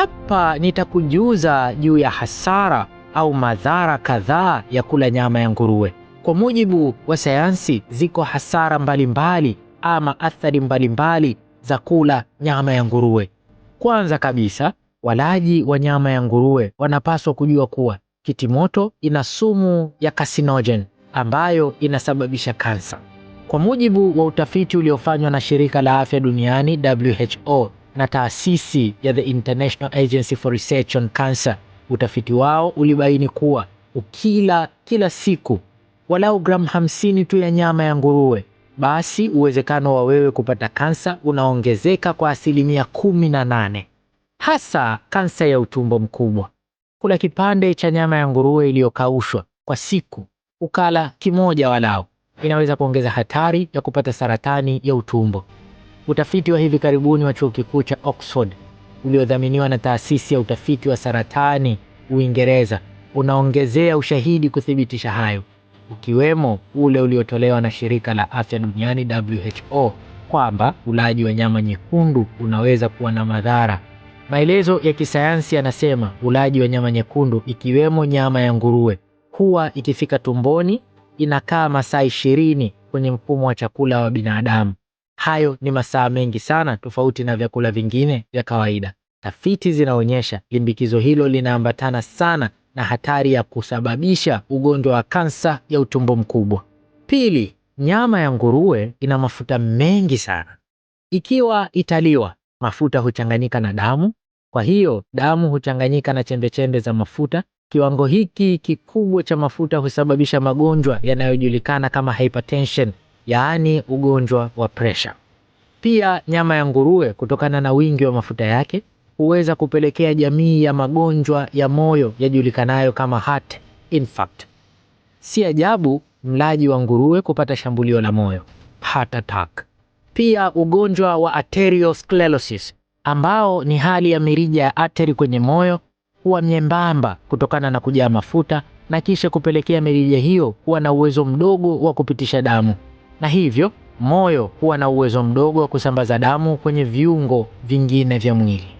Hapa nitakujuza juu ya hasara au madhara kadhaa ya kula nyama ya nguruwe. Kwa mujibu wa sayansi, ziko hasara mbalimbali mbali, ama athari mbalimbali mbali za kula nyama ya nguruwe. Kwanza kabisa, walaji wa nyama ya nguruwe wanapaswa kujua kuwa kitimoto ina sumu ya carcinogen ambayo inasababisha kansa. Kwa mujibu wa utafiti uliofanywa na shirika la afya duniani WHO, na taasisi ya the International Agency for Research on Cancer. Utafiti wao ulibaini kuwa ukila kila siku walau gramu hamsini tu ya nyama ya nguruwe, basi uwezekano wa wewe kupata kansa unaongezeka kwa asilimia kumi na nane, hasa kansa ya utumbo mkubwa. Kula kipande cha nyama ya nguruwe iliyokaushwa kwa siku, ukala kimoja walau, inaweza kuongeza hatari ya kupata saratani ya utumbo. Utafiti wa hivi karibuni wa chuo kikuu cha Oxford uliodhaminiwa na taasisi ya utafiti wa saratani Uingereza unaongezea ushahidi kuthibitisha hayo, ukiwemo ule uliotolewa na shirika la afya duniani WHO kwamba ulaji wa nyama nyekundu unaweza kuwa na madhara. Maelezo ya kisayansi yanasema ulaji wa nyama nyekundu ikiwemo nyama ya nguruwe huwa ikifika tumboni inakaa masaa ishirini kwenye mfumo wa chakula wa binadamu. Hayo ni masaa mengi sana, tofauti na vyakula vingine vya kawaida. Tafiti zinaonyesha limbikizo hilo linaambatana sana na hatari ya kusababisha ugonjwa wa kansa ya utumbo mkubwa. Pili, nyama ya nguruwe ina mafuta mengi sana. Ikiwa italiwa, mafuta huchanganyika na damu, kwa hiyo damu huchanganyika na chembechembe za mafuta. Kiwango hiki kikubwa cha mafuta husababisha magonjwa yanayojulikana kama hypertension yaani ugonjwa wa presha. Pia nyama ya nguruwe kutokana na wingi wa mafuta yake huweza kupelekea jamii ya magonjwa ya moyo yajulikanayo kama heart infarct. Si ajabu mlaji wa nguruwe kupata shambulio la moyo heart attack. Pia ugonjwa wa arteriosclerosis ambao ni hali ya mirija ya ateri kwenye moyo huwa myembamba kutokana na kujaa mafuta na kisha kupelekea mirija hiyo kuwa na uwezo mdogo wa kupitisha damu na hivyo moyo huwa na uwezo mdogo wa kusambaza damu kwenye viungo vingine vya mwili.